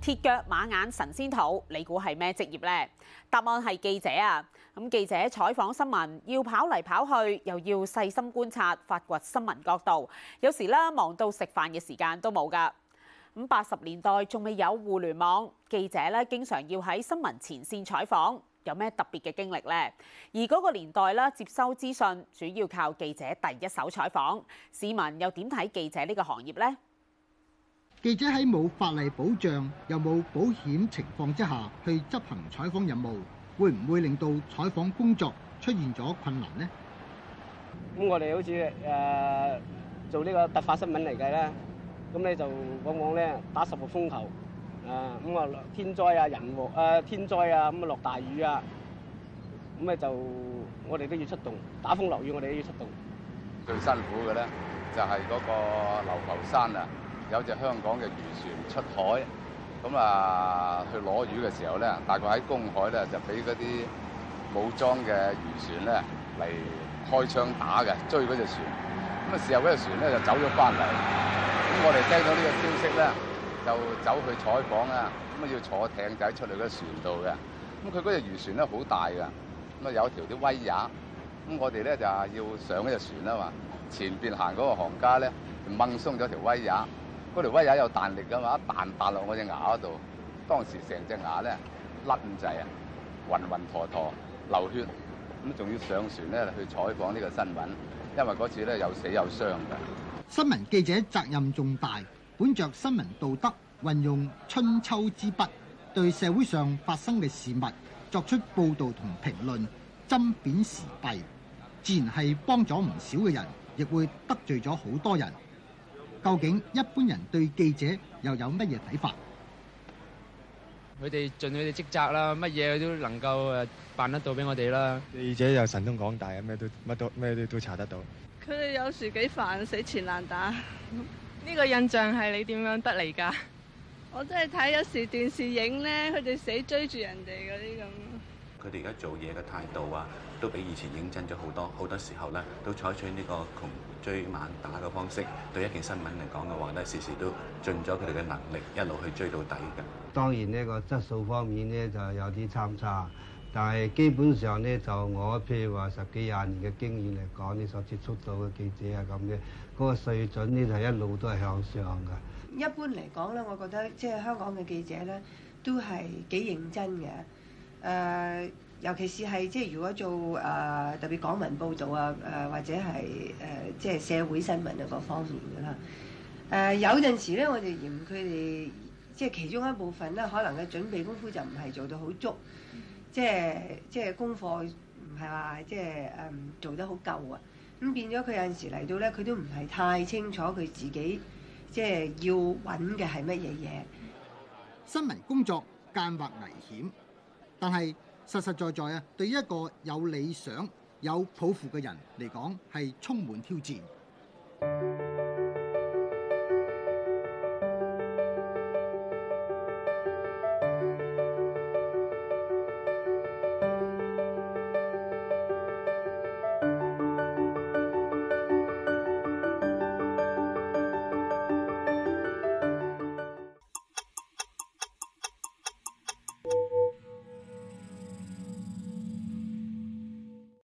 鐵腳馬眼神仙肚，你估係咩職業呢？答案係記者啊！咁記者採訪新聞，要跑嚟跑去，又要細心觀察，發掘新聞角度。有時咧，忙到食飯嘅時間都冇㗎。咁八十年代仲未有互聯網，記者咧經常要喺新聞前綫採訪。有咩特別嘅經歷呢？而嗰個年代咧，接收資訊主要靠記者第一手採訪。市民又點睇記者呢個行業呢？記者喺冇法例保障又冇保險情況之下，去執行採訪任務，會唔會令到採訪工作出現咗困難呢？咁我哋好似誒、呃、做呢個突發新聞嚟計咧，咁咧就往往咧打十號風球誒咁、呃、啊、呃、天災啊人禍誒天災啊咁啊落大雨啊咁咧就我哋都要出動，打風落雨我哋都要出動。出動最辛苦嘅咧就係、是、嗰個流浮山啊！有隻香港嘅漁船出海，咁啊去攞魚嘅時候咧，大概喺公海咧就俾嗰啲武裝嘅漁船咧嚟開槍打嘅，追嗰隻船。咁啊，事後嗰隻船咧就走咗翻嚟。咁我哋聽到呢個消息咧，就走去採訪啊。咁啊要坐艇仔出嚟嗰船度嘅。咁佢嗰隻漁船咧好大㗎。咁啊有一條啲威也。咁我哋咧就係要上呢隻船啦嘛。前邊行嗰個行家咧就掹鬆咗條威也。嗰條威也有彈力噶嘛，一彈彈落我隻牙嗰度，當時成隻牙咧甩咁滯啊，暈暈陀陀流血，咁仲要上船咧去採訪呢個新聞，因為嗰次咧有死有傷噶。新聞記者責任重大，本着新聞道德，運用春秋之筆，對社會上發生嘅事物作出報導同評論，針砭時弊，自然係幫咗唔少嘅人，亦會得罪咗好多人。究竟一般人對記者又有乜嘢睇法？佢哋盡佢哋職責啦，乜嘢都能夠誒辦得到俾我哋啦。記者又神通廣大啊，咩都乜都咩都都查得到。佢哋有時幾煩，死纏爛打。呢個印象係你點樣得嚟㗎？我真係睇有時電視影咧，佢哋死追住人哋嗰啲咁。佢哋而家做嘢嘅態度啊，都比以前認真咗好多。好多時候咧，都採取呢個窮追猛打嘅方式。對一件新聞嚟講嘅話咧，時時都盡咗佢哋嘅能力，一路去追到底嘅。當然呢個質素方面咧，就有啲參差，但係基本上咧，就我譬如話十幾廿年嘅經驗嚟講，你所接觸到嘅記者啊咁嘅，嗰個水準咧就一路都係向上嘅。一般嚟講咧，我覺得即係香港嘅記者咧，都係幾認真嘅。誒、呃，尤其是係即係如果做誒、呃、特別港聞報導啊，誒、呃、或者係誒即係社會新聞啊嗰方面嘅啦。誒、呃、有陣時咧，我哋嫌佢哋即係其中一部分咧，可能嘅準備功夫就唔係做到好足，即係即係功課唔係話即係誒、嗯、做得好夠啊。咁變咗佢有陣時嚟到咧，佢都唔係太清楚佢自己即係要揾嘅係乜嘢嘢。新聞工作間或危險。但係實實在在啊，對於一個有理想、有抱負嘅人嚟講，係充滿挑戰。